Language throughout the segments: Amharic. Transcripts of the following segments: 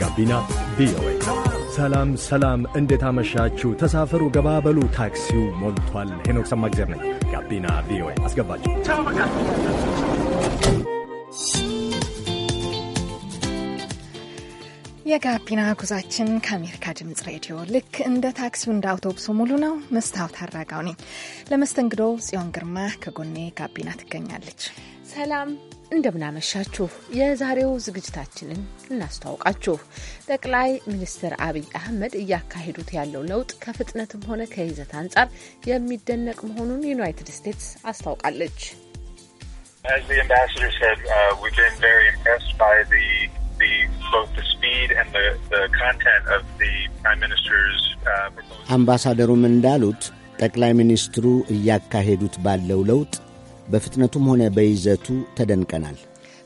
ጋቢና ቪኦኤ። ሰላም ሰላም፣ እንዴት አመሻችሁ? ተሳፈሩ፣ ገባበሉ፣ ታክሲው ሞልቷል። ሄኖክ ሰማግዜር ነኝ። ጋቢና ቪኦኤ ሰላም ሰላም እንዴት አመሻችሁ ተሳፈሩ በሉ ታክሲው ሞልቷል ሄኖክ ሰማግዜር ነኝ ጋቢና ቪኦኤ አስገባችሁ የጋቢና ጉዛችን ከአሜሪካ ድምጽ ሬዲዮ ልክ እንደ ታክሲው እንደ አውቶቡሱ ሙሉ ነው። መስታወት አራጋው ነኝ። ለመስተንግዶ ጽዮን ግርማ ከጎኔ ጋቢና ትገኛለች። ሰላም እንደምናመሻችሁ የዛሬው ዝግጅታችንን እናስተዋውቃችሁ። ጠቅላይ ሚኒስትር አብይ አህመድ እያካሄዱት ያለው ለውጥ ከፍጥነትም ሆነ ከይዘት አንጻር የሚደነቅ መሆኑን ዩናይትድ ስቴትስ አስታውቃለች። አምባሳደሩም uh, uh, እንዳሉት ጠቅላይ ሚኒስትሩ እያካሄዱት ባለው ለውጥ በፍጥነቱም ሆነ በይዘቱ ተደንቀናል።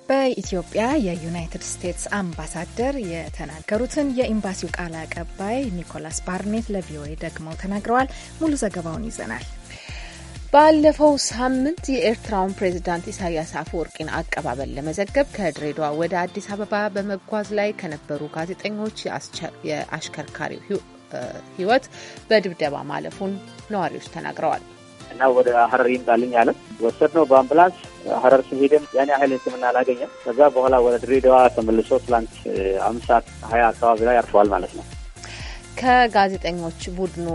በኢትዮጵያ የዩናይትድ ስቴትስ አምባሳደር የተናገሩትን የኤምባሲው ቃል አቀባይ ኒኮላስ ባርኔት ለቪኦኤ ደግመው ተናግረዋል። ሙሉ ዘገባውን ይዘናል። ባለፈው ሳምንት የኤርትራውን ፕሬዚዳንት ኢሳያስ አፈወርቂን አቀባበል ለመዘገብ ከድሬዳዋ ወደ አዲስ አበባ በመጓዝ ላይ ከነበሩ ጋዜጠኞች የአሽከርካሪው ሕይወት በድብደባ ማለፉን ነዋሪዎች ተናግረዋል። እና ወደ ሀረር ይምጣልኝ አለ። ወሰድ ነው በአምቡላንስ ሀረር ሲሄድም ያን ያህል ሕክምና አላገኘም። ከዛ በኋላ ወደ ድሬዳዋ ተመልሶ ትላንት አምስት ሰዓት ሀያ አካባቢ ላይ አርፈዋል ማለት ነው። ከጋዜጠኞች ቡድኑ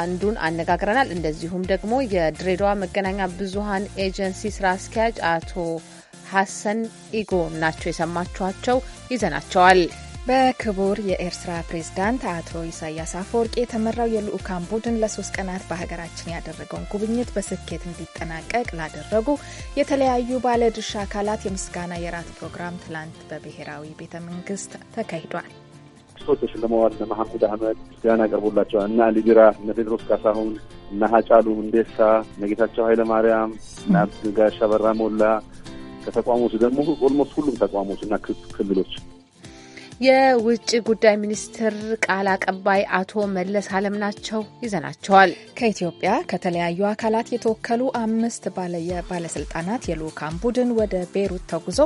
አንዱን አነጋግረናል። እንደዚሁም ደግሞ የድሬዳዋ መገናኛ ብዙሀን ኤጀንሲ ስራ አስኪያጅ አቶ ሀሰን ኢጎ ናቸው የሰማችኋቸው። ይዘናቸዋል። በክቡር የኤርትራ ፕሬዝዳንት አቶ ኢሳያስ አፈወርቂ የተመራው የልዑካን ቡድን ለሶስት ቀናት በሀገራችን ያደረገውን ጉብኝት በስኬት እንዲጠናቀቅ ላደረጉ የተለያዩ ባለድርሻ አካላት የምስጋና የራት ፕሮግራም ትላንት በብሔራዊ ቤተ መንግስት ተካሂዷል። ሶች ተሽልመዋል። እነ መሐሙድ አህመድ ምስጋና ያቀርቡላቸዋል። እነ አሊቢራ፣ እነ ቴድሮስ ካሳሁን፣ እነ ሀጫሉ ሁንዴሳ፣ እነ ጌታቸው ማርያም፣ እነ ጋሻ በራ ሞላ ከተቋሞች ደግሞ ኦልሞስት ሁሉም ተቋሞች እና ክልሎች የውጭ ጉዳይ ሚኒስትር ቃል አቀባይ አቶ መለስ አለም ናቸው። ይዘናቸዋል። ከኢትዮጵያ ከተለያዩ አካላት የተወከሉ አምስት ባለስልጣናት የልኡካን ቡድን ወደ ቤሩት ተጉዞ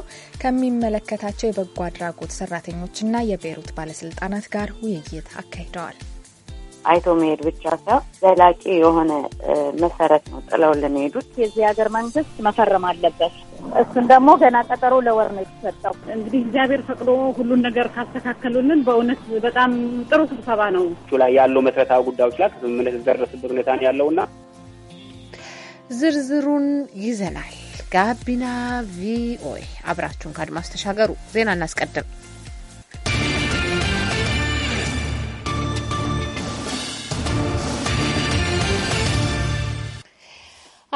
ከሚመለከታቸው የበጎ አድራጎት ሰራተኞችና የቤሩት ባለስልጣናት ጋር ውይይት አካሂደዋል። አይቶ መሄድ ብቻ ሳይሆን ዘላቂ የሆነ መሰረት ነው ጥለውልን ሄዱት። የዚህ ሀገር መንግስት መፈረም አለበት። እሱን ደግሞ ገና ቀጠሮ ለወር ነው የተሰጠው። እንግዲህ እግዚአብሔር ፈቅዶ ሁሉን ነገር ካስተካከሉልን በእውነት በጣም ጥሩ ስብሰባ ነው። ላይ ያለው መሰረታዊ ጉዳዮች ላይ ስምምነት የተደረሰበት ሁኔታ ነው ያለውና ዝርዝሩን ይዘናል። ጋቢና ቪኦኤ አብራችሁን ከአድማስ ተሻገሩ። ዜና እናስቀድም።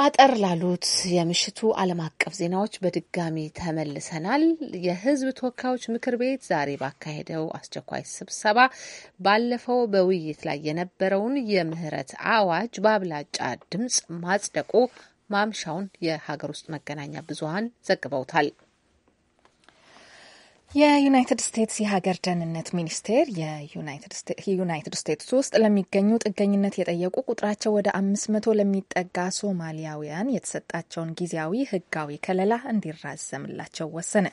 አጠር ላሉት የምሽቱ ዓለም አቀፍ ዜናዎች በድጋሚ ተመልሰናል። የሕዝብ ተወካዮች ምክር ቤት ዛሬ ባካሄደው አስቸኳይ ስብሰባ ባለፈው በውይይት ላይ የነበረውን የምህረት አዋጅ በአብላጫ ድምጽ ማጽደቁ ማምሻውን የሀገር ውስጥ መገናኛ ብዙኃን ዘግበውታል። የዩናይትድ ስቴትስ የሀገር ደህንነት ሚኒስቴር የዩናይትድ ስቴትስ ውስጥ ለሚገኙ ጥገኝነት የጠየቁ ቁጥራቸው ወደ አምስት መቶ ለሚጠጋ ሶማሊያውያን የተሰጣቸውን ጊዜያዊ ሕጋዊ ከለላ እንዲራዘምላቸው ወሰነ።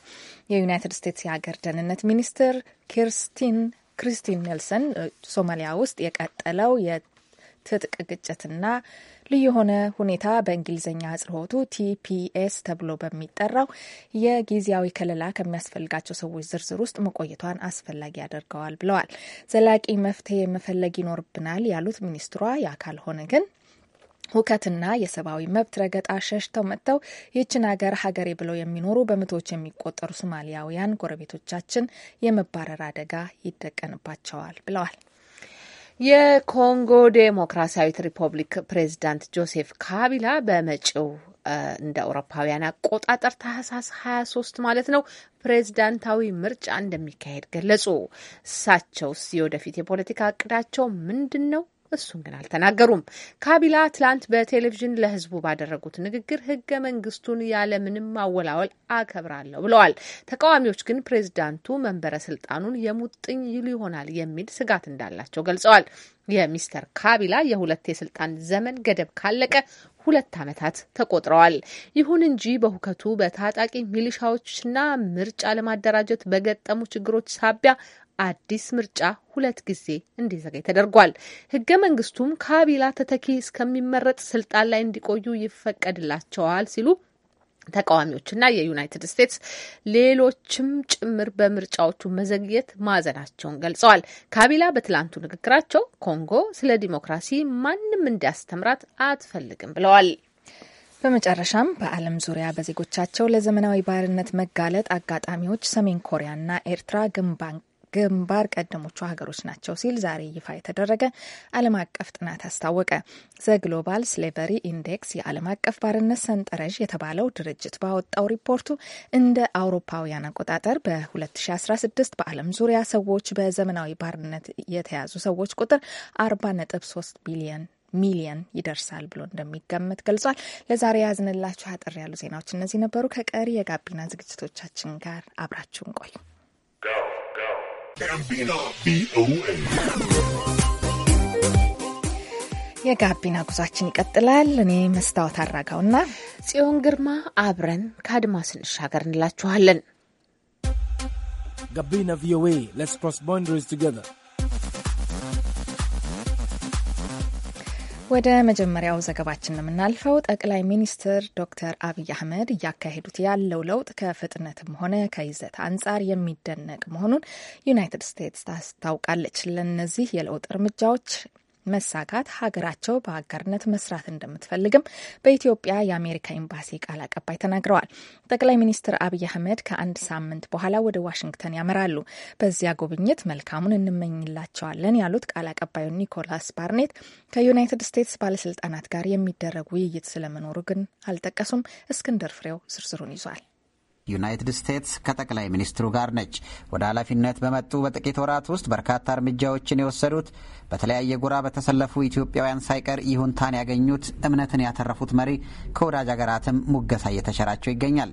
የዩናይትድ ስቴትስ የሀገር ደህንነት ሚኒስትር ኪርስቲን ክሪስቲን ኔልሰን ሶማሊያ ውስጥ የቀጠለው ትጥቅ ግጭትና ልዩ የሆነ ሁኔታ በእንግሊዝኛ አጽሮቱ ቲፒኤስ ተብሎ በሚጠራው የጊዜያዊ ከለላ ከሚያስፈልጋቸው ሰዎች ዝርዝር ውስጥ መቆየቷን አስፈላጊ ያደርገዋል ብለዋል። ዘላቂ መፍትሄ መፈለግ ይኖርብናል ያሉት ሚኒስትሯ ያ ካልሆነ ግን ሁከትና የሰብአዊ መብት ረገጣ ሸሽተው መጥተው ይህችን ሀገር ሀገሬ ብለው የሚኖሩ በመቶዎች የሚቆጠሩ ሶማሊያውያን ጎረቤቶቻችን የመባረር አደጋ ይደቀንባቸዋል ብለዋል። የኮንጎ ዴሞክራሲያዊት ሪፐብሊክ ፕሬዚዳንት ጆሴፍ ካቢላ በመጪው እንደ አውሮፓውያን አቆጣጠር ታህሳስ 23 ማለት ነው ፕሬዚዳንታዊ ምርጫ እንደሚካሄድ ገለጹ። እሳቸውስ የወደፊት የፖለቲካ እቅዳቸው ምንድን ነው? እሱን ግን አልተናገሩም። ካቢላ ትላንት በቴሌቪዥን ለህዝቡ ባደረጉት ንግግር ህገ መንግስቱን ያለምንም ማወላወል አከብራለሁ ብለዋል። ተቃዋሚዎች ግን ፕሬዚዳንቱ መንበረ ስልጣኑን የሙጥኝ ይሉ ይሆናል የሚል ስጋት እንዳላቸው ገልጸዋል። የሚስተር ካቢላ የሁለት የስልጣን ዘመን ገደብ ካለቀ ሁለት ዓመታት ተቆጥረዋል። ይሁን እንጂ በሁከቱ በታጣቂ ሚሊሻዎችና ምርጫ ለማደራጀት በገጠሙ ችግሮች ሳቢያ አዲስ ምርጫ ሁለት ጊዜ እንዲዘገይ ተደርጓል። ህገ መንግስቱም ካቢላ ተተኪ እስከሚመረጥ ስልጣን ላይ እንዲቆዩ ይፈቀድላቸዋል ሲሉ ተቃዋሚዎችና የዩናይትድ ስቴትስ ሌሎችም ጭምር በምርጫዎቹ መዘግየት ማዘናቸውን ገልጸዋል። ካቢላ በትላንቱ ንግግራቸው ኮንጎ ስለ ዲሞክራሲ ማንም እንዲያስተምራት አትፈልግም ብለዋል። በመጨረሻም በዓለም ዙሪያ በዜጎቻቸው ለዘመናዊ ባርነት መጋለጥ አጋጣሚዎች ሰሜን ኮሪያና ኤርትራ ግንባን ግንባር ቀደሞቹ ሀገሮች ናቸው ሲል ዛሬ ይፋ የተደረገ ዓለም አቀፍ ጥናት አስታወቀ። ዘ ግሎባል ስሌቨሪ ኢንዴክስ የዓለም አቀፍ ባርነት ሰንጠረዥ የተባለው ድርጅት ባወጣው ሪፖርቱ እንደ አውሮፓውያን አቆጣጠር በ2016 በዓለም ዙሪያ ሰዎች በዘመናዊ ባርነት የተያዙ ሰዎች ቁጥር 40.3 ቢሊዮን ሚሊየን ይደርሳል ብሎ እንደሚገመት ገልጿል። ለዛሬ ያዝንላችሁ አጠር ያሉ ዜናዎች እነዚህ ነበሩ። ከቀሪ የጋቢና ዝግጅቶቻችን ጋር አብራችሁን ቆዩ። የጋቢና ጉዟችን ይቀጥላል። እኔ መስታወት አራጋውና ጽዮን ግርማ አብረን ከአድማስ ስንሻገር እንላችኋለን። ጋቢና ቪኦኤ ሌትስ ክሮስ ባውንደሪስ ቱጌዘር ወደ መጀመሪያው ዘገባችን የምናልፈው ጠቅላይ ሚኒስትር ዶክተር አብይ አህመድ እያካሄዱት ያለው ለውጥ ከፍጥነትም ሆነ ከይዘት አንጻር የሚደነቅ መሆኑን ዩናይትድ ስቴትስ ታስታውቃለች። ለእነዚህ የለውጥ እርምጃዎች መሳካት ሀገራቸው በአጋርነት መስራት እንደምትፈልግም በኢትዮጵያ የአሜሪካ ኤምባሲ ቃል አቀባይ ተናግረዋል። ጠቅላይ ሚኒስትር አብይ አህመድ ከአንድ ሳምንት በኋላ ወደ ዋሽንግተን ያመራሉ። በዚያ ጉብኝት መልካሙን እንመኝላቸዋለን ያሉት ቃል አቀባዩ ኒኮላስ ባርኔት ከዩናይትድ ስቴትስ ባለስልጣናት ጋር የሚደረግ ውይይት ስለመኖሩ ግን አልጠቀሱም። እስክንድር ፍሬው ዝርዝሩን ይዟል። ዩናይትድ ስቴትስ ከጠቅላይ ሚኒስትሩ ጋር ነች። ወደ ኃላፊነት በመጡ በጥቂት ወራት ውስጥ በርካታ እርምጃዎችን የወሰዱት በተለያየ ጎራ በተሰለፉ ኢትዮጵያውያን ሳይቀር ይሁንታን ያገኙት እምነትን ያተረፉት መሪ ከወዳጅ ሀገራትም ሙገሳ እየተቸራቸው ይገኛል።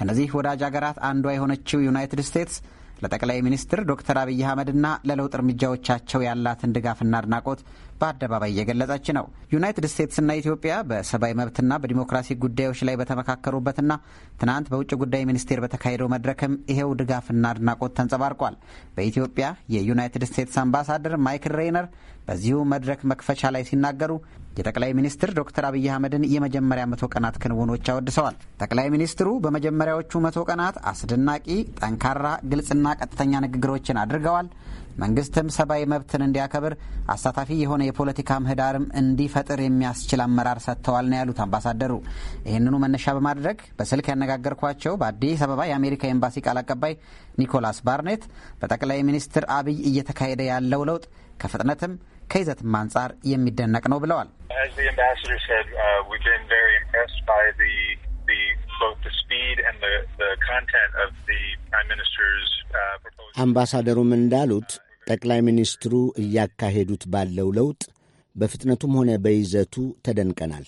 ከነዚህ ወዳጅ ሀገራት አንዷ የሆነችው ዩናይትድ ስቴትስ ለጠቅላይ ሚኒስትር ዶክተር አብይ አህመድና ለለውጥ እርምጃዎቻቸው ያላትን ድጋፍና አድናቆት በአደባባይ እየገለጸች ነው። ዩናይትድ ስቴትስና ኢትዮጵያ በሰብአዊ መብትና በዲሞክራሲ ጉዳዮች ላይ በተመካከሩበትና ትናንት በውጭ ጉዳይ ሚኒስቴር በተካሄደው መድረክም ይሄው ድጋፍና አድናቆት ተንጸባርቋል። በኢትዮጵያ የዩናይትድ ስቴትስ አምባሳደር ማይክል ሬይነር በዚሁ መድረክ መክፈቻ ላይ ሲናገሩ የጠቅላይ ሚኒስትር ዶክተር አብይ አህመድን የመጀመሪያ መቶ ቀናት ክንውኖች አወድሰዋል። ጠቅላይ ሚኒስትሩ በመጀመሪያዎቹ መቶ ቀናት አስደናቂ፣ ጠንካራ፣ ግልጽና ቀጥተኛ ንግግሮችን አድርገዋል። መንግስትም ሰብአዊ መብትን እንዲያከብር አሳታፊ የሆነ የፖለቲካ ምህዳርም እንዲፈጥር የሚያስችል አመራር ሰጥተዋል ነው ያሉት አምባሳደሩ። ይህንኑ መነሻ በማድረግ በስልክ ያነጋገርኳቸው በአዲስ አበባ የአሜሪካ ኤምባሲ ቃል አቀባይ ኒኮላስ ባርኔት በጠቅላይ ሚኒስትር አብይ እየተካሄደ ያለው ለውጥ ከፍጥነትም ከይዘትም አንጻር የሚደነቅ ነው ብለዋል። uh, uh, አምባሳደሩም እንዳሉት ጠቅላይ ሚኒስትሩ እያካሄዱት ባለው ለውጥ በፍጥነቱም ሆነ በይዘቱ ተደንቀናል።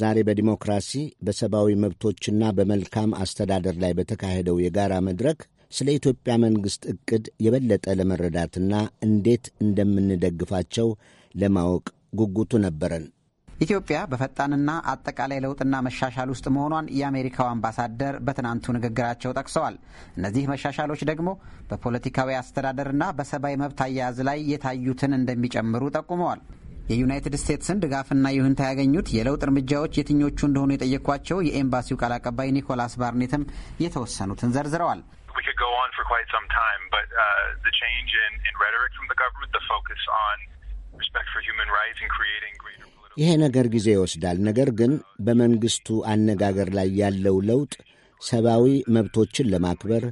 ዛሬ በዲሞክራሲ በሰብአዊ መብቶችና በመልካም አስተዳደር ላይ በተካሄደው የጋራ መድረክ ስለ ኢትዮጵያ መንግሥት ዕቅድ የበለጠ ለመረዳትና እንዴት እንደምንደግፋቸው ለማወቅ ጉጉቱ ነበረን። ኢትዮጵያ በፈጣንና አጠቃላይ ለውጥና መሻሻል ውስጥ መሆኗን የአሜሪካው አምባሳደር በትናንቱ ንግግራቸው ጠቅሰዋል። እነዚህ መሻሻሎች ደግሞ በፖለቲካዊ አስተዳደርና በሰብአዊ መብት አያያዝ ላይ የታዩትን እንደሚጨምሩ ጠቁመዋል። የዩናይትድ ስቴትስን ድጋፍና ይሁንታ ያገኙት የለውጥ እርምጃዎች የትኞቹ እንደሆኑ የጠየኳቸው የኤምባሲው ቃል አቀባይ ኒኮላስ ባርኔትም የተወሰኑትን ዘርዝረዋል። ይሄ ነገር ጊዜ ይወስዳል። ነገር ግን በመንግሥቱ አነጋገር ላይ ያለው ለውጥ ሰብአዊ መብቶችን ለማክበር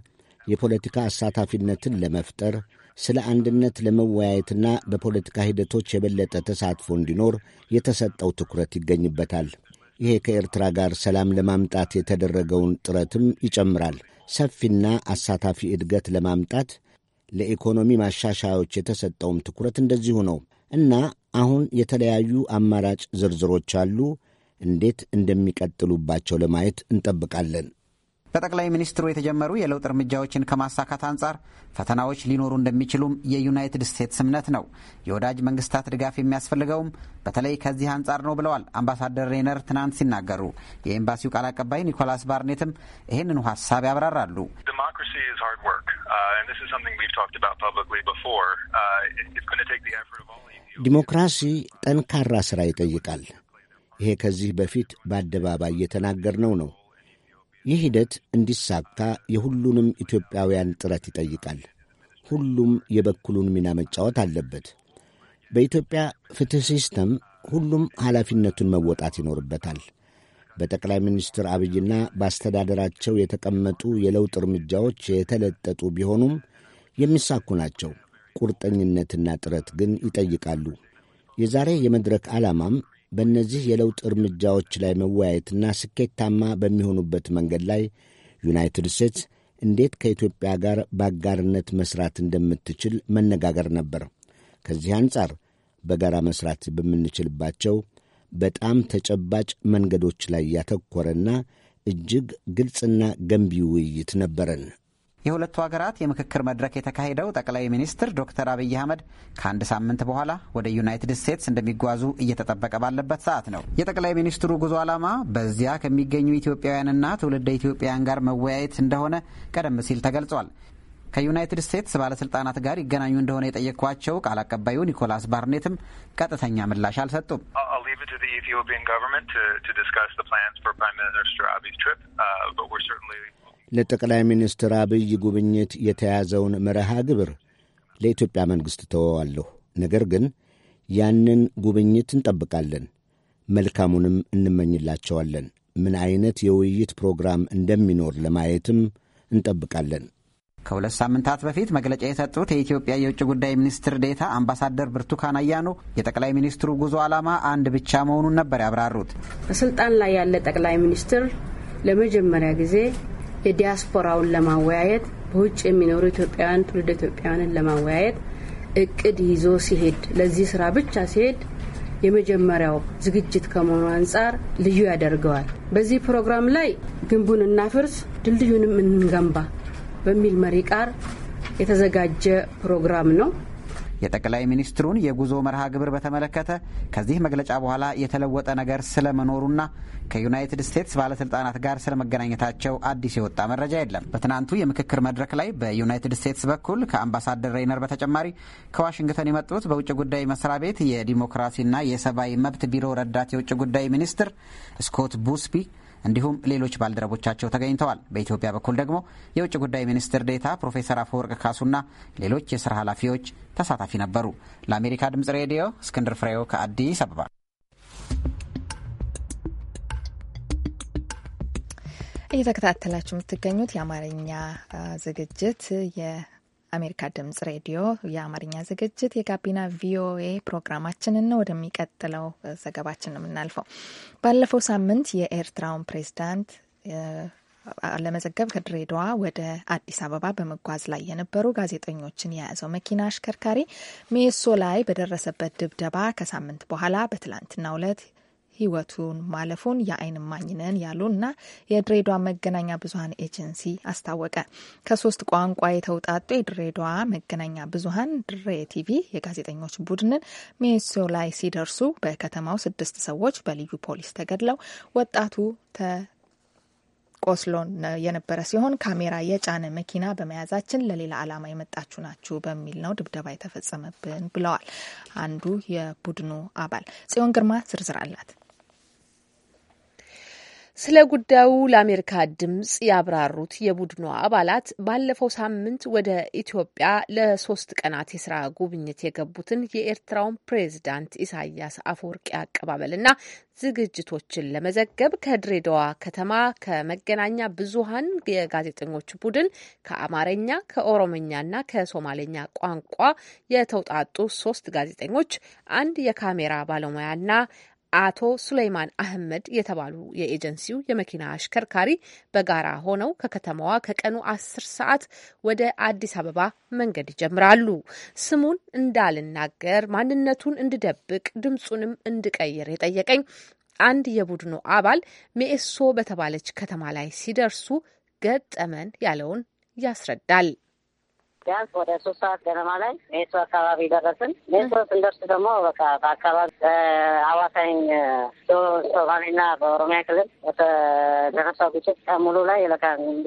የፖለቲካ አሳታፊነትን ለመፍጠር ስለ አንድነት ለመወያየትና በፖለቲካ ሂደቶች የበለጠ ተሳትፎ እንዲኖር የተሰጠው ትኩረት ይገኝበታል። ይሄ ከኤርትራ ጋር ሰላም ለማምጣት የተደረገውን ጥረትም ይጨምራል። ሰፊና አሳታፊ እድገት ለማምጣት ለኢኮኖሚ ማሻሻያዎች የተሰጠውም ትኩረት እንደዚሁ ነው እና አሁን የተለያዩ አማራጭ ዝርዝሮች አሉ። እንዴት እንደሚቀጥሉባቸው ለማየት እንጠብቃለን። በጠቅላይ ሚኒስትሩ የተጀመሩ የለውጥ እርምጃዎችን ከማሳካት አንጻር ፈተናዎች ሊኖሩ እንደሚችሉም የዩናይትድ ስቴትስ እምነት ነው። የወዳጅ መንግስታት ድጋፍ የሚያስፈልገውም በተለይ ከዚህ አንጻር ነው ብለዋል አምባሳደር ሬነር ትናንት ሲናገሩ። የኤምባሲው ቃል አቀባይ ኒኮላስ ባርኔትም ይህንኑ ሀሳብ ያብራራሉ። ዲሞክራሲ ጠንካራ ሥራ ይጠይቃል። ይሄ ከዚህ በፊት በአደባባይ የተናገርነው ነው። ይህ ሂደት እንዲሳካ የሁሉንም ኢትዮጵያውያን ጥረት ይጠይቃል። ሁሉም የበኩሉን ሚና መጫወት አለበት። በኢትዮጵያ ፍትሕ ሲስተም ሁሉም ኃላፊነቱን መወጣት ይኖርበታል። በጠቅላይ ሚኒስትር አብይና በአስተዳደራቸው የተቀመጡ የለውጥ እርምጃዎች የተለጠጡ ቢሆኑም የሚሳኩ ናቸው። ቁርጠኝነትና ጥረት ግን ይጠይቃሉ። የዛሬ የመድረክ ዓላማም በእነዚህ የለውጥ እርምጃዎች ላይ መወያየትና ስኬታማ በሚሆኑበት መንገድ ላይ ዩናይትድ ስቴትስ እንዴት ከኢትዮጵያ ጋር በአጋርነት መስራት እንደምትችል መነጋገር ነበር። ከዚህ አንጻር በጋራ መስራት በምንችልባቸው በጣም ተጨባጭ መንገዶች ላይ ያተኮረና እጅግ ግልጽና ገንቢ ውይይት ነበረን። የሁለቱ ሀገራት የምክክር መድረክ የተካሄደው ጠቅላይ ሚኒስትር ዶክተር አብይ አህመድ ከአንድ ሳምንት በኋላ ወደ ዩናይትድ ስቴትስ እንደሚጓዙ እየተጠበቀ ባለበት ሰዓት ነው። የጠቅላይ ሚኒስትሩ ጉዞ ዓላማ በዚያ ከሚገኙ ኢትዮጵያውያንና ትውልደ ኢትዮጵያውያን ጋር መወያየት እንደሆነ ቀደም ሲል ተገልጿል። ከዩናይትድ ስቴትስ ባለስልጣናት ጋር ይገናኙ እንደሆነ የጠየቅኳቸው ቃል አቀባዩ ኒኮላስ ባርኔትም ቀጥተኛ ምላሽ አልሰጡም። ለጠቅላይ ሚኒስትር አብይ ጉብኝት የተያዘውን መርሃ ግብር ለኢትዮጵያ መንግሥት ተወዋለሁ። ነገር ግን ያንን ጉብኝት እንጠብቃለን፣ መልካሙንም እንመኝላቸዋለን። ምን አይነት የውይይት ፕሮግራም እንደሚኖር ለማየትም እንጠብቃለን። ከሁለት ሳምንታት በፊት መግለጫ የሰጡት የኢትዮጵያ የውጭ ጉዳይ ሚኒስትር ዴታ አምባሳደር ብርቱካን አያኖ የጠቅላይ ሚኒስትሩ ጉዞ ዓላማ አንድ ብቻ መሆኑን ነበር ያብራሩት። በስልጣን ላይ ያለ ጠቅላይ ሚኒስትር ለመጀመሪያ ጊዜ የዲያስፖራውን ለማወያየት በውጭ የሚኖሩ ኢትዮጵያውያን ትውልድ ኢትዮጵያውያንን ለማወያየት እቅድ ይዞ ሲሄድ ለዚህ ስራ ብቻ ሲሄድ የመጀመሪያው ዝግጅት ከመሆኑ አንጻር ልዩ ያደርገዋል። በዚህ ፕሮግራም ላይ ግንቡን እናፍርስ ድልድዩንም እንገንባ በሚል መሪ ቃር የተዘጋጀ ፕሮግራም ነው። የጠቅላይ ሚኒስትሩን የጉዞ መርሃ ግብር በተመለከተ ከዚህ መግለጫ በኋላ የተለወጠ ነገር ስለመኖሩና ከዩናይትድ ስቴትስ ባለስልጣናት ጋር ስለመገናኘታቸው አዲስ የወጣ መረጃ የለም። በትናንቱ የምክክር መድረክ ላይ በዩናይትድ ስቴትስ በኩል ከአምባሳደር ሬይነር በተጨማሪ ከዋሽንግተን የመጡት በውጭ ጉዳይ መስሪያ ቤት የዲሞክራሲና የሰብአዊ መብት ቢሮ ረዳት የውጭ ጉዳይ ሚኒስትር ስኮት ቡስቢ እንዲሁም ሌሎች ባልደረቦቻቸው ተገኝተዋል። በኢትዮጵያ በኩል ደግሞ የውጭ ጉዳይ ሚኒስትር ዴታ ፕሮፌሰር አፈወርቅ ካሱና ሌሎች የስራ ኃላፊዎች ተሳታፊ ነበሩ። ለአሜሪካ ድምጽ ሬዲዮ እስክንድር ፍሬው ከአዲስ አበባ። እየተከታተላችሁ የምትገኙት የአማርኛ ዝግጅት አሜሪካ ድምጽ ሬዲዮ የአማርኛ ዝግጅት የጋቢና ቪኦኤ ፕሮግራማችንን ነው። ወደሚቀጥለው ዘገባችን ነው የምናልፈው። ባለፈው ሳምንት የኤርትራውን ፕሬዚዳንት ለመዘገብ ከድሬዳዋ ወደ አዲስ አበባ በመጓዝ ላይ የነበሩ ጋዜጠኞችን የያዘው መኪና አሽከርካሪ ሜሶ ላይ በደረሰበት ድብደባ ከሳምንት በኋላ በትላንትናው ዕለት ህይወቱን ማለፉን የአይን ማኝነን ያሉ ያሉና የድሬዳዋ መገናኛ ብዙሀን ኤጀንሲ አስታወቀ። ከሶስት ቋንቋ የተውጣጡ የድሬዳዋ መገናኛ ብዙሀን ድሬ ቲቪ የጋዜጠኞች ቡድንን ሜሶ ላይ ሲደርሱ በከተማው ስድስት ሰዎች በልዩ ፖሊስ ተገድለው ወጣቱ ቆስሎ የነበረ ሲሆን ካሜራ የጫነ መኪና በመያዛችን ለሌላ ዓላማ የመጣችሁ ናችሁ በሚል ነው ድብደባ የተፈጸመብን ብለዋል አንዱ የቡድኑ አባል። ጽዮን ግርማ ዝርዝር አላት። ስለ ጉዳዩ ለአሜሪካ ድምፅ ያብራሩት የቡድኑ አባላት ባለፈው ሳምንት ወደ ኢትዮጵያ ለሶስት ቀናት የስራ ጉብኝት የገቡትን የኤርትራውን ፕሬዝዳንት ኢሳያስ አፈወርቂ አቀባበልና ዝግጅቶችን ለመዘገብ ከድሬዳዋ ከተማ ከመገናኛ ብዙሃን የጋዜጠኞች ቡድን ከአማርኛ፣ ከኦሮምኛና ከሶማሌኛ ቋንቋ የተውጣጡ ሶስት ጋዜጠኞች፣ አንድ የካሜራ ባለሙያና አቶ ሱሌይማን አህመድ የተባሉ የኤጀንሲው የመኪና አሽከርካሪ በጋራ ሆነው ከከተማዋ ከቀኑ አስር ሰዓት ወደ አዲስ አበባ መንገድ ይጀምራሉ። ስሙን እንዳልናገር ማንነቱን እንድደብቅ ድምፁንም እንድቀይር የጠየቀኝ አንድ የቡድኑ አባል ሜኤሶ በተባለች ከተማ ላይ ሲደርሱ ገጠመን ያለውን ያስረዳል። ቢያንስ ወደ ሶስት ሰዓት ገደማ ላይ ሜትሮ አካባቢ ደረስን። ሜትሮ ስንደርስ ደግሞ በቃ በአካባቢ አዋሳኝ ሶማሌና በኦሮሚያ ክልል በተደረሰው ግጭት ከሙሉ ላይ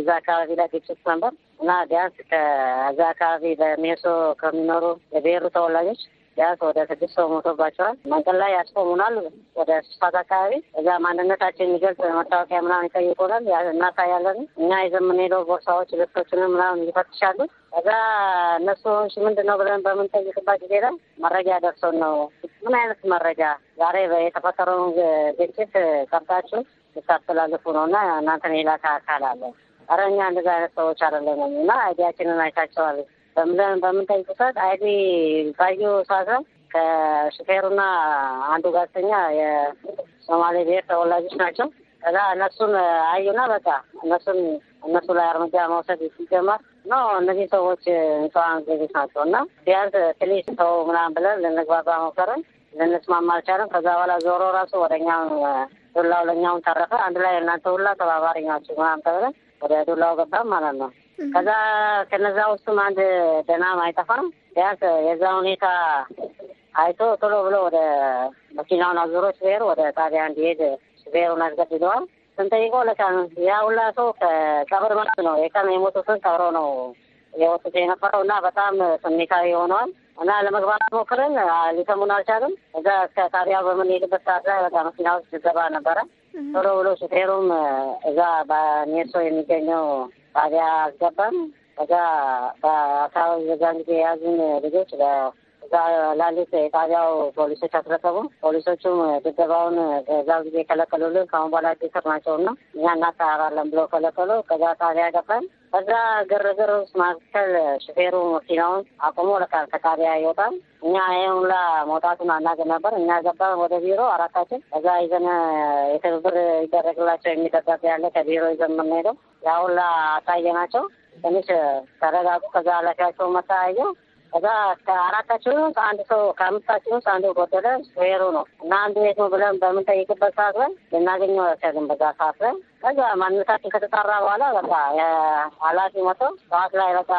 እዛ አካባቢ ላይ ግጭት ነበር እና ቢያንስ ከዛ አካባቢ በሜሶ ከሚኖሩ የብሔሩ ተወላጆች ቢያንስ ወደ ስድስት ሰው ሞቶባቸዋል። መንገድ ላይ ያስቆሙናል። ወደ ስፋት አካባቢ እዛ ማንነታችን የሚገልጽ መታወቂያ ምናምን ይጠይቁናል፣ እናሳያለን። እኛ ይዘን ቦርሳዎች፣ ልብሶችንም ምናምን ይፈትሻሉ። ከዛ እነሱ ምንድን ነው ብለን በምንጠይቅባት ጊዜ ላይ መረጃ ደርሶን ነው። ምን አይነት መረጃ? ዛሬ የተፈጠረውን ግጭት ቀርጣችሁ ልታስተላልፉ ነው እና እናንተን የላከ አካል አለ። ኧረ እኛ እንደዚ አይነት ሰዎች አይደለንም እና አይዲያችንን አይታቸዋል በምዘን በምንታይ ሰዓት አይዲ ባዩ ሳሳ ከሹፌሩና አንዱ ጋዜጠኛ የሶማሌ ብሔር ተወላጆች ናቸው። ከዛ እነሱን አዩና በቃ እነሱን እነሱ ላይ እርምጃ መውሰድ ሲጀመር ኖ እነዚህ ሰዎች እንሰዋን ዜጎች ናቸው እና ቢያንስ ፕሊስ ሰው ምናምን ብለን ልንግባባ ሞከርን፣ ልንስማማ አልቻለም። ከዛ በኋላ ዞሮ ራሱ ወደኛም ዱላው ለእኛውን ተረፈ። አንድ ላይ እናንተ ሁላ ተባባሪ ናችሁ ምናምን ተብለን ወደ ዱላው ገባም ማለት ነው። ከዛ ከነዛ ውስጥም አንድ ደህናም አይጠፋም። ቢያንስ የዛ ሁኔታ አይቶ ቶሎ ብሎ ወደ መኪናውን አዙሮ ሹፌሩ ወደ ጣቢያ እንዲሄድ ሹፌሩን አስገድደዋል። ስንጠይቀው ለካ ያ ሁላ ሰው ከቀብር ማለት ነው የቀን የሞቱትን ቀብሮ ነው የወጡት የነበረው እና በጣም ስሜታዊ ሆነዋል እና ለመግባት ሞክረን ሊሰሙን አልቻልም። እዛ እስከ ጣቢያ በምንሄድበት ሰዓት ላይ በቃ መኪና ውስጥ ገባ ነበረ ቶሎ ብሎ ሹፌሩም እዛ በኔሶ የሚገኘው ጣቢያ አልገባም። እዛ በአካባቢ በዛን ጊዜ የያዙን ልጆች እዛ ላሉት የጣቢያው ፖሊሶች አስረከቡም። ፖሊሶቹም ድብደባውን በዛ ጊዜ ከለከሉልን። ከአሁን በኋላ ዲስር ናቸውና እኛ እናሰራራለን ብሎ ከለከሉ። ከዛ ጣቢያ ገባን። ከዛ ግርግር ውስጥ መካከል ሹፌሩ መኪናውን አቁሞ ለካ ከጣቢያ ይወጣል። እኛ ይህ ሁላ መውጣቱን አናገር ነበር። እኛ ገባን ወደ ቢሮ አራታችን። ከዛ ይዘን የትብብር ይደረግላቸው የሚጠበቅ ያለ ከቢሮ ይዘን የምንሄደው ያሁላ አሳየ ናቸው። ትንሽ ተረጋጉ። ከዛ ኃላፊያቸው መታየው ከዛ ከአራታችን ውስጥ አንድ ሰው ከአምስታችን ውስጥ አንዱ ጎደለ ሹፌሩ ነው እና አንዱ የት ነው ብለን በምንጠይቅበት ሰዓት ላይ ልናገኘው አልቻልንም በዛ ሰዓት ላይ። ከዛ ማንነታችን ከተጣራ በኋላ በቃ ኃላፊ መቶ ጠዋት ላይ በቃ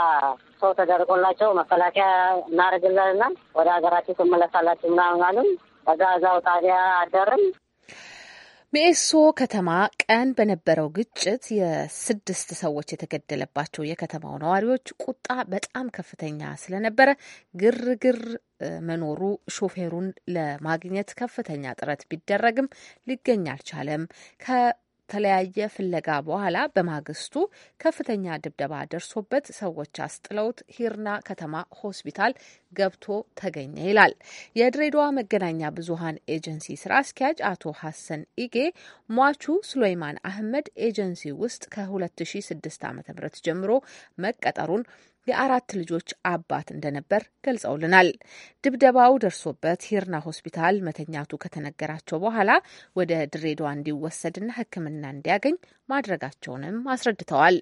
ሰው ተደርጎላቸው መከላከያ እናደርግልንና ወደ ሀገራችን ትመለሳላችሁ ምናምን አሉን። ከዛ እዛው ጣቢያ አደርም ሜሶ ከተማ ቀን በነበረው ግጭት የስድስት ሰዎች የተገደለባቸው የከተማው ነዋሪዎች ቁጣ በጣም ከፍተኛ ስለነበረ ግርግር መኖሩ ሾፌሩን ለማግኘት ከፍተኛ ጥረት ቢደረግም ሊገኝ አልቻለም። ከተለያየ ፍለጋ በኋላ በማግስቱ ከፍተኛ ድብደባ ደርሶበት ሰዎች አስጥለውት ሂርና ከተማ ሆስፒታል ገብቶ ተገኘ ይላል የድሬዳዋ መገናኛ ብዙሃን ኤጀንሲ ስራ አስኪያጅ አቶ ሀሰን ኢጌ። ሟቹ ሱሌይማን አህመድ ኤጀንሲ ውስጥ ከ2006 ዓ ም ጀምሮ መቀጠሩን የአራት ልጆች አባት እንደነበር ገልጸውልናል። ድብደባው ደርሶበት ሂርና ሆስፒታል መተኛቱ ከተነገራቸው በኋላ ወደ ድሬዳዋ እንዲወሰድና ሕክምና እንዲያገኝ ማድረጋቸውንም አስረድተዋል።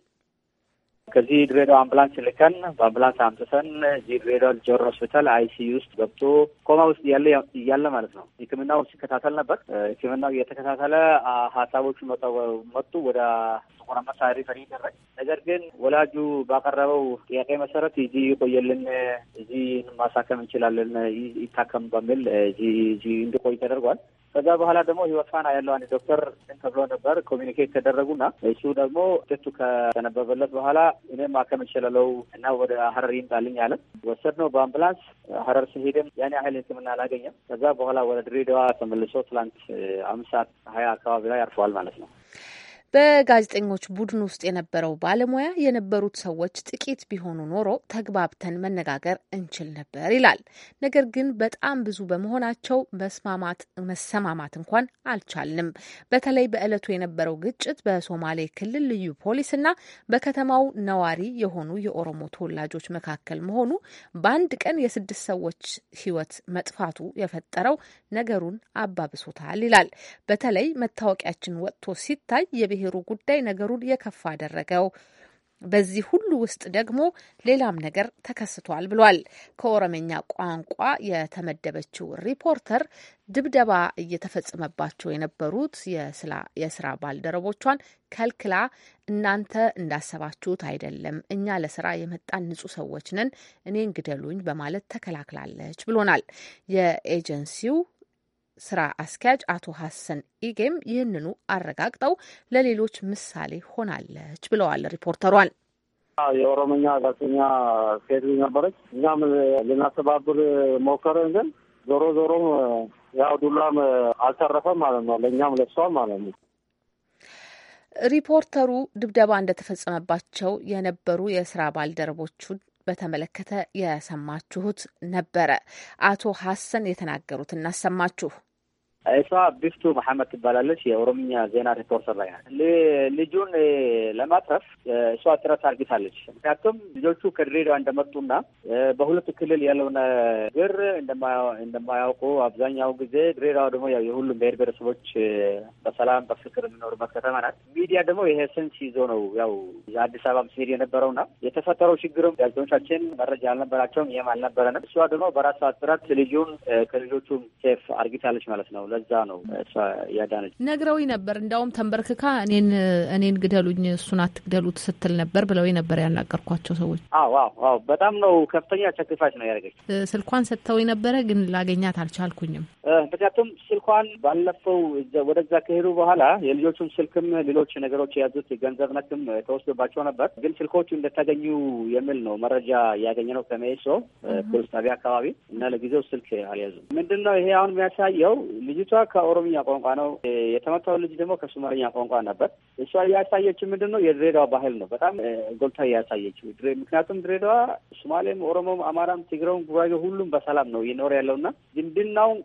ከዚህ ድሬዳዋ አምቡላንስ ልከን በአምቡላንስ አምጥተን እዚህ ድሬዳዋ ጆሮ ሆስፒታል አይሲዩ ውስጥ ገብቶ ኮማ ውስጥ ያለ እያለ ማለት ነው ሕክምናው ሲከታተል ነበር። ሕክምናው እየተከታተለ ሀሳቦቹ መጡ ወደ ጥቁር አንበሳ ሪፈር ይደረግ። ነገር ግን ወላጁ ባቀረበው ጥያቄ መሰረት እዚህ ይቆየልን፣ እዚህ ማሳከም እንችላለን፣ ይታከም በሚል እዚህ እንዲቆይ ተደርጓል። ከዛ በኋላ ደግሞ ህይወት ፋና ያለው አንድ ዶክተር ተብሎ ነበር ኮሚኒኬት ተደረጉና እሱ ደግሞ ውጤቱ ከተነበበለት በኋላ እኔም ማከም እችላለሁ እና ወደ ሀረር ይምጣልኝ አለ። ነው በአምቡላንስ ሀረር ሲሄድም ያን ያህል ህክምና አላገኘም። ከዛ በኋላ ወደ ድሬዳዋ ተመልሶ ትላንት አምስት ሰዓት ሀያ አካባቢ ላይ አርፈዋል ማለት ነው። በጋዜጠኞች ቡድን ውስጥ የነበረው ባለሙያ የነበሩት ሰዎች ጥቂት ቢሆኑ ኖሮ ተግባብተን መነጋገር እንችል ነበር ይላል። ነገር ግን በጣም ብዙ በመሆናቸው መስማማት መሰማማት እንኳን አልቻልንም። በተለይ በዕለቱ የነበረው ግጭት በሶማሌ ክልል ልዩ ፖሊስና በከተማው ነዋሪ የሆኑ የኦሮሞ ተወላጆች መካከል መሆኑ በአንድ ቀን የስድስት ሰዎች ሕይወት መጥፋቱ የፈጠረው ነገሩን አባብሶታል ይላል። በተለይ መታወቂያችን ወጥቶ ሲታይ የብሄ የብሔሩ ጉዳይ ነገሩን የከፋ አደረገው። በዚህ ሁሉ ውስጥ ደግሞ ሌላም ነገር ተከስቷል ብሏል። ከኦሮመኛ ቋንቋ የተመደበችው ሪፖርተር ድብደባ እየተፈጸመባቸው የነበሩት የስራ ባልደረቦቿን ከልክላ እናንተ እንዳሰባችሁት አይደለም፣ እኛ ለስራ የመጣን ንጹህ ሰዎች ነን፣ እኔን ግደሉኝ በማለት ተከላክላለች ብሎናል። የኤጀንሲው ስራ አስኪያጅ አቶ ሀሰን ኢጌም ይህንኑ አረጋግጠው ለሌሎች ምሳሌ ሆናለች ብለዋል። ሪፖርተሯል የኦሮምኛ ጋዜጠኛ ሴት ነበረች። እኛም ልናስተባብር ሞከረን፣ ግን ዞሮ ዞሮም ያው ዱላም አልተረፈም ማለት ነው፣ ለእኛም ለሷም ማለት ነው። ሪፖርተሩ ድብደባ እንደተፈጸመባቸው የነበሩ የስራ ባልደረቦቹን በተመለከተ የሰማችሁት ነበረ። አቶ ሀሰን የተናገሩት እናሰማችሁ። እሷ ቢፍቱ መሐመድ ትባላለች። የኦሮምኛ ዜና ሪፖርተር ላይ ናት። ልጁን ለማትረፍ እሷ ጥረት አርጊታለች ምክንያቱም ልጆቹ ከድሬዳዋ እንደመጡና በሁለቱ ክልል ያለው ነገር እንደማያውቁ አብዛኛው ጊዜ ድሬዳዋ ደግሞ የሁሉም ብሔር ብሔረሰቦች በሰላም በፍቅር የሚኖሩበት ከተማ ናት። ሚዲያ ደግሞ ይሄ ስንት ይዞ ነው ያው አዲስ አበባ ሲሄድ የነበረውና የተፈጠረው ችግርም ጋዜጠኞቻችን መረጃ አልነበራቸውም። ይህም አልነበረንም። እሷ ደግሞ በራሷ ጥረት ልጁን ከልጆቹ ሴፍ አርጊታለች ማለት ነው። ለዛ ነው እሷ ያዳነች። ነግረውኝ ነበር እንዳውም ተንበርክካ እኔን እኔን ግደሉኝ እሱን አትግደሉት ስትል ነበር ብለው ነበር ያናገርኳቸው ሰዎች። አዎ አዎ፣ በጣም ነው ከፍተኛ ሰክሪፋይስ ነው ያደረገች። ስልኳን ሰጥተው ነበረ ግን ላገኛት አልቻልኩኝም። ምክንያቱም ስልኳን ባለፈው ወደዛ ከሄዱ በኋላ የልጆቹም ስልክም ሌሎች ነገሮች የያዙት ገንዘብ ነክም ተወስዶባቸው ነበር። ግን ስልኮቹ እንደተገኙ የሚል ነው መረጃ ያገኘ ነው ከመይሶ ፖሊስ ጣቢያ አካባቢ እና ለጊዜው ስልክ አልያዙም። ምንድን ነው ይሄ አሁን የሚያሳየው ልጅቷ ከኦሮምኛ ቋንቋ ነው የተመታው። ልጅ ደግሞ ከሱማርኛ ቋንቋ ነበር። እሷ እያሳየችው ምንድን ነው የድሬዳዋ ባህል ነው በጣም ጎልታ እያሳየችው። ምክንያቱም ድሬዳዋ ሶማሌም፣ ኦሮሞም፣ አማራም፣ ትግረውም፣ ጉራጌ ሁሉም በሰላም ነው ይኖር ያለውና ዝምድናውን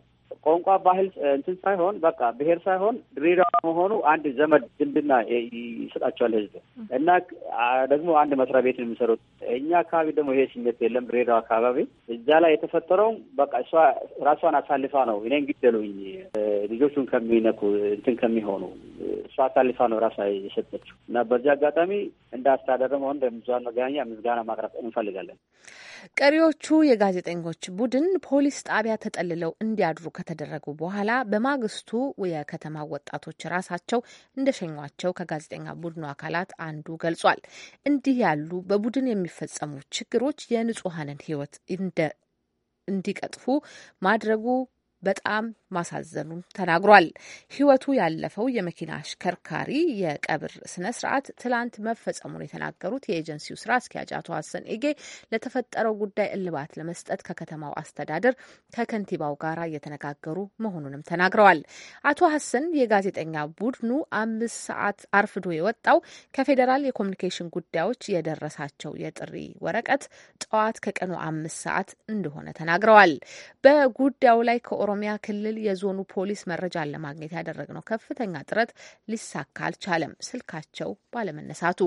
ቋንቋ፣ ባህል እንትን ሳይሆን በቃ ብሔር ሳይሆን ድሬዳዋ መሆኑ አንድ ዘመድ ዝምድና ይሰጣቸዋል ህዝብ እና ደግሞ አንድ መስሪያ ቤት የሚሰሩት እኛ አካባቢ ደግሞ ይሄ ስሜት የለም። ድሬዳዋ አካባቢ እዛ ላይ የተፈጠረውም በቃ እሷ ራሷን አሳልፋ ነው እኔን ግደሉኝ ልጆቹን ከሚነኩ እንትን ከሚሆኑ እሷ አሳልፋ ነው ራሷ የሰጠችው እና በዚህ አጋጣሚ እንደ አስተዳደርም ሆነ እንደ መገናኛ ምዝጋና ማቅረብ እንፈልጋለን። ቀሪዎቹ የጋዜጠኞች ቡድን ፖሊስ ጣቢያ ተጠልለው እንዲያድሩ ከተደረጉ በኋላ በማግስቱ የከተማ ወጣቶች ራሳቸው እንደሸኟቸው ከጋዜጠኛ ቡድኑ አካላት አንዱ ገልጿል። እንዲህ ያሉ በቡድን የሚፈጸሙ ችግሮች የንጹሐንን ሕይወት እንዲቀጥፉ ማድረጉ በጣም ማሳዘኑን ተናግሯል። ሕይወቱ ያለፈው የመኪና አሽከርካሪ የቀብር ስነ ስርዓት ትላንት መፈጸሙን የተናገሩት የኤጀንሲው ስራ አስኪያጅ አቶ ሀሰን ኤጌ ለተፈጠረው ጉዳይ እልባት ለመስጠት ከከተማው አስተዳደር ከከንቲባው ጋር እየተነጋገሩ መሆኑንም ተናግረዋል። አቶ ሀሰን የጋዜጠኛ ቡድኑ አምስት ሰዓት አርፍዶ የወጣው ከፌዴራል የኮሚኒኬሽን ጉዳዮች የደረሳቸው የጥሪ ወረቀት ጠዋት ከቀኑ አምስት ሰዓት እንደሆነ ተናግረዋል። በጉዳዩ ላይ ከኦሮሚያ ክልል የዞኑ ፖሊስ መረጃን ለማግኘት ያደረግነው ከፍተኛ ጥረት ሊሳካ አልቻለም፣ ስልካቸው ባለመነሳቱ።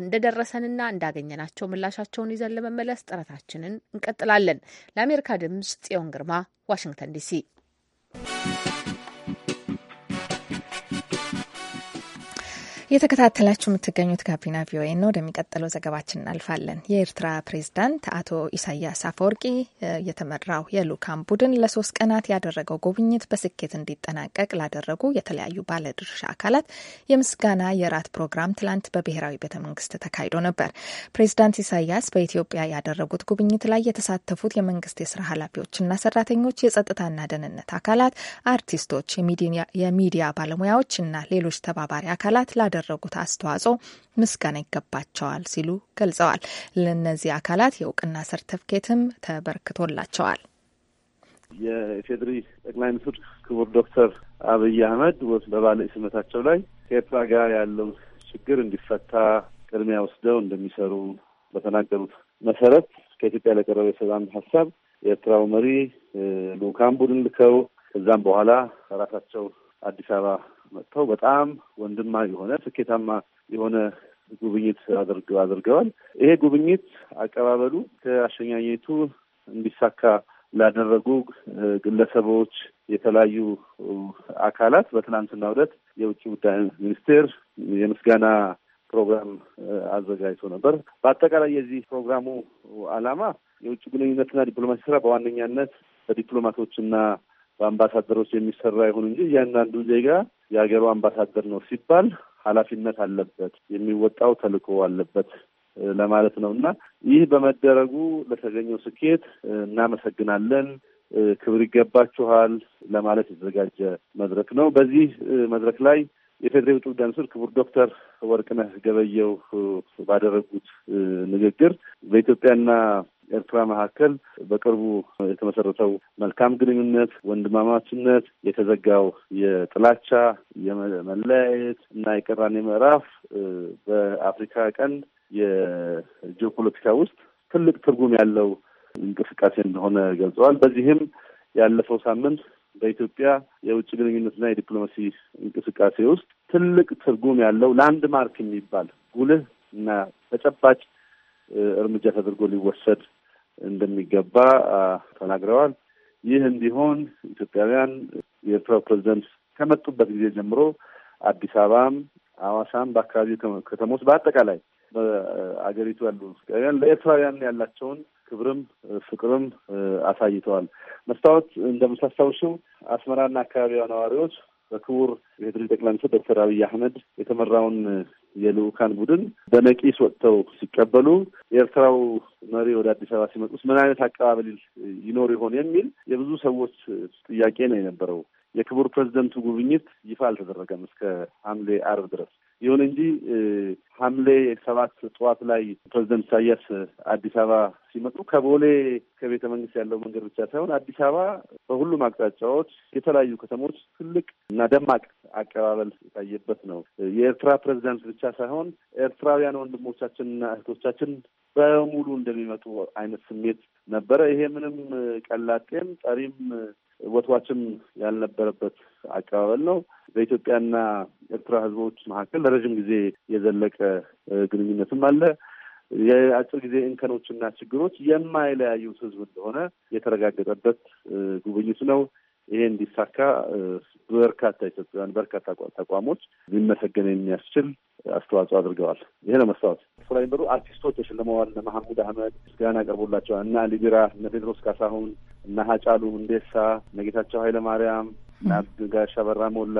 እንደደረሰንና እንዳገኘናቸው ምላሻቸውን ይዘን ለመመለስ ጥረታችንን እንቀጥላለን። ለአሜሪካ ድምጽ ጽዮን ግርማ ዋሽንግተን ዲሲ። እየተከታተላችሁ የምትገኙት ጋቢና ቪኦኤ ነው። ወደሚቀጥለው ዘገባችን እናልፋለን። የኤርትራ ፕሬዝዳንት አቶ ኢሳያስ አፈወርቂ የተመራው የልዑካን ቡድን ለሶስት ቀናት ያደረገው ጉብኝት በስኬት እንዲጠናቀቅ ላደረጉ የተለያዩ ባለድርሻ አካላት የምስጋና የራት ፕሮግራም ትላንት በብሔራዊ ቤተ መንግስት ተካሂዶ ነበር። ፕሬዝዳንት ኢሳያስ በኢትዮጵያ ያደረጉት ጉብኝት ላይ የተሳተፉት የመንግስት የስራ ኃላፊዎችና ሰራተኞች፣ የጸጥታና ደህንነት አካላት፣ አርቲስቶች፣ የሚዲያ ባለሙያዎች እና ሌሎች ተባባሪ አካላት ላደ ላደረጉት አስተዋጽኦ ምስጋና ይገባቸዋል ሲሉ ገልጸዋል። ለእነዚህ አካላት የእውቅና ሰርተፍኬትም ተበርክቶላቸዋል። የኢፌዴሪ ጠቅላይ ሚኒስትር ክቡር ዶክተር አብይ አህመድ በባለ ስመታቸው ላይ ከኤርትራ ጋር ያለው ችግር እንዲፈታ ቅድሚያ ወስደው እንደሚሰሩ በተናገሩት መሰረት ከኢትዮጵያ ለቀረበ የሰላም ሀሳብ የኤርትራው መሪ ልኡካን ቡድን ልከው ከዛም በኋላ ራሳቸው አዲስ አበባ መጥተው በጣም ወንድማ የሆነ ስኬታማ የሆነ ጉብኝት አድርገዋል። ይሄ ጉብኝት አቀባበሉ ከአሸኛኘቱ እንዲሳካ ላደረጉ ግለሰቦች፣ የተለያዩ አካላት በትናንትናው ዕለት የውጭ ጉዳይ ሚኒስቴር የምስጋና ፕሮግራም አዘጋጅቶ ነበር። በአጠቃላይ የዚህ ፕሮግራሙ ዓላማ የውጭ ግንኙነትና ዲፕሎማሲ ስራ በዋነኛነት በዲፕሎማቶችና በአምባሳደሮች የሚሰራ ይሁን እንጂ እያንዳንዱ ዜጋ የሀገሩ አምባሳደር ነው ሲባል ኃላፊነት አለበት የሚወጣው ተልኮ አለበት ለማለት ነው እና ይህ በመደረጉ ለተገኘው ስኬት እናመሰግናለን፣ ክብር ይገባችኋል ለማለት የተዘጋጀ መድረክ ነው። በዚህ መድረክ ላይ የፌዴሬ ጡብ ደምስር ክቡር ዶክተር ወርቅነህ ገበየው ባደረጉት ንግግር በኢትዮጵያና ኤርትራ መካከል በቅርቡ የተመሰረተው መልካም ግንኙነት፣ ወንድማማችነት የተዘጋው የጥላቻ የመለያየት እና የቅራኔ ምዕራፍ በአፍሪካ ቀንድ የጂኦፖለቲካ ውስጥ ትልቅ ትርጉም ያለው እንቅስቃሴ እንደሆነ ገልጸዋል። በዚህም ያለፈው ሳምንት በኢትዮጵያ የውጭ ግንኙነትና የዲፕሎማሲ እንቅስቃሴ ውስጥ ትልቅ ትርጉም ያለው ላንድ ማርክ የሚባል ጉልህ እና ተጨባጭ እርምጃ ተደርጎ ሊወሰድ እንደሚገባ ተናግረዋል። ይህ እንዲሆን ኢትዮጵያውያን የኤርትራው ፕሬዚደንት ከመጡበት ጊዜ ጀምሮ አዲስ አበባም አዋሳም፣ በአካባቢ ከተሞች በአጠቃላይ በአገሪቱ ያሉ ኢትዮጵያውያን ለኤርትራውያን ያላቸውን ክብርም ፍቅርም አሳይተዋል። መስታወት እንደምታስታውሽው አስመራና አካባቢዋ ነዋሪዎች በክቡር የፌዴራል ጠቅላይ ሚኒስትር ዶክተር አብይ አህመድ የተመራውን የልኡካን ቡድን በነቂስ ወጥተው ሲቀበሉ የኤርትራው መሪ ወደ አዲስ አበባ ሲመጡስ ምን አይነት አቀባበል ይኖር ይሆን የሚል የብዙ ሰዎች ጥያቄ ነው የነበረው። የክቡር ፕሬዚደንቱ ጉብኝት ይፋ አልተደረገም እስከ ሐምሌ አርብ ድረስ። ይሁን እንጂ ሐምሌ ሰባት ጠዋት ላይ ፕሬዚደንት ኢሳያስ አዲስ አበባ ሲመጡ ከቦሌ ከቤተ መንግስት ያለው መንገድ ብቻ ሳይሆን አዲስ አበባ በሁሉም አቅጣጫዎች የተለያዩ ከተሞች ትልቅ እና ደማቅ አቀባበል የታየበት ነው። የኤርትራ ፕሬዚዳንት ብቻ ሳይሆን ኤርትራውያን ወንድሞቻችንና እህቶቻችን በሙሉ እንደሚመጡ አይነት ስሜት ነበረ። ይሄ ምንም ቀላጤም ጠሪም ወትዋችም ያልነበረበት አቀባበል ነው። በኢትዮጵያና ኤርትራ ሕዝቦች መካከል ለረዥም ጊዜ የዘለቀ ግንኙነትም አለ። የአጭር ጊዜ እንከኖችና ችግሮች የማይለያዩት ሕዝብ እንደሆነ የተረጋገጠበት ጉብኝት ነው። ይሄ እንዲሳካ በርካታ ኢትዮጵያውያን በርካታ ተቋሞች ሊመሰገን የሚያስችል አስተዋጽኦ አድርገዋል። ይሄ ነው መስታወት ላይ በሩ አርቲስቶች ተሸልመዋል። እነ መሐሙድ አህመድ ምስጋና ቀርቦላቸዋል። እነ አሊ ቢራ፣ እነ ቴድሮስ ካሳሁን፣ እነ ሀጫሉ እንዴሳ፣ እነ ጌታቸው ኃይለ ማርያም፣ ጋሻ በራ ሞላ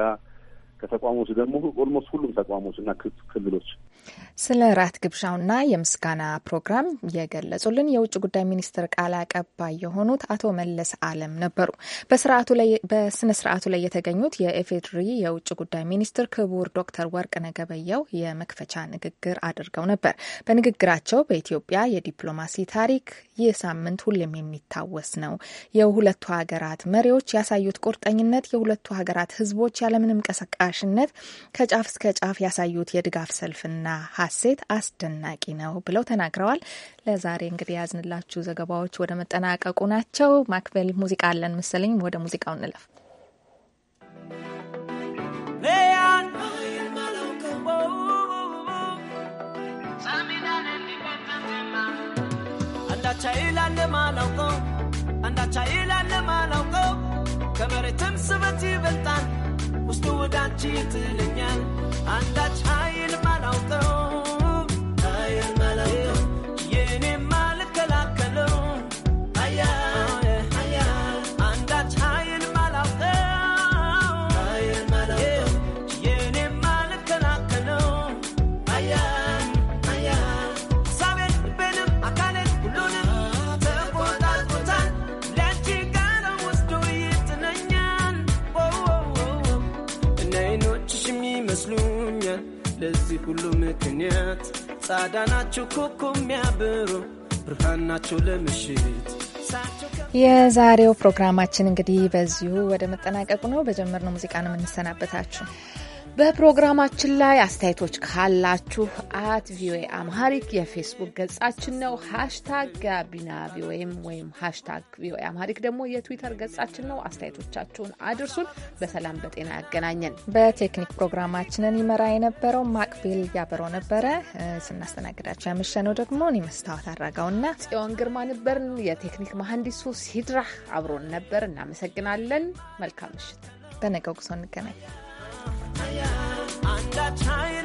ከተቋሞች ደግሞ ኦልሞስት ሁሉም ተቋሞች እና ክልሎች ስለ ራት ግብዣውና የምስጋና ፕሮግራም የገለጹልን የውጭ ጉዳይ ሚኒስትር ቃል አቀባይ የሆኑት አቶ መለስ አለም ነበሩ። በስነ ስርዓቱ ላይ የተገኙት የኢፌዴሪ የውጭ ጉዳይ ሚኒስትር ክቡር ዶክተር ወርቅነህ ገበየሁ የመክፈቻ ንግግር አድርገው ነበር። በንግግራቸው በኢትዮጵያ የዲፕሎማሲ ታሪክ ይህ ሳምንት ሁሌም የሚታወስ ነው፣ የሁለቱ ሀገራት መሪዎች ያሳዩት ቁርጠኝነት፣ የሁለቱ ሀገራት ህዝቦች ያለምንም ቀሰቃሽነት ከጫፍ እስከ ጫፍ ያሳዩት የድጋፍ ሰልፍና ሀሴት አስደናቂ ነው ብለው ተናግረዋል። ለዛሬ እንግዲህ ያዝንላችሁ ዘገባዎች ወደ መጠናቀቁ ናቸው። ማክቤል ሙዚቃ አለን መሰለኝ። ወደ ሙዚቃው እንለፍ። አንዳቻ ይላል ማላውቀው ከመሬትም ስበት ይበልጣል ውስጡ ወዳንቺ ትለኛል ለዚህ ሁሉ ምክንያት ጻዳ ናችሁ ኮኮ የሚያብሩ ብርሃን ናችሁ ለምሽት። የዛሬው ፕሮግራማችን እንግዲህ በዚሁ ወደ መጠናቀቁ ነው። በጀመርነው ሙዚቃ ነው የምንሰናበታችሁ። በፕሮግራማችን ላይ አስተያየቶች ካላችሁ አት ቪኦኤ አምሃሪክ የፌስቡክ ገጻችን ነው። ሃሽታግ ጋቢና ቪኦኤም ወይም ሃሽታግ ቪኦኤ አምሃሪክ ደግሞ የትዊተር ገጻችን ነው። አስተያየቶቻችሁን አድርሱን። በሰላም በጤና ያገናኘን። በቴክኒክ ፕሮግራማችንን ይመራ የነበረው ማቅቤል ያበረው ነበረ። ስናስተናግዳቸው ያመሸነው ደግሞ እኔ መስታወት አድረገውና ጽዮን ግርማ ነበርን። የቴክኒክ መሐንዲሱ ሲድራህ አብሮን ነበር። እናመሰግናለን። መልካም ምሽት። በነገው ጉዞ እንገናኝ። Under time.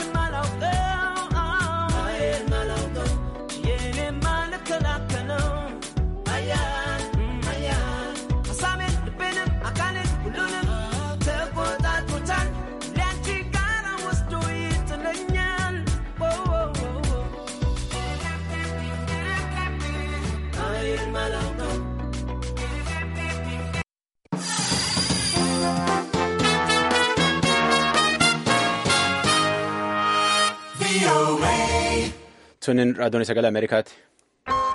Sunniin raadiyoon sagalee Ameerikaati.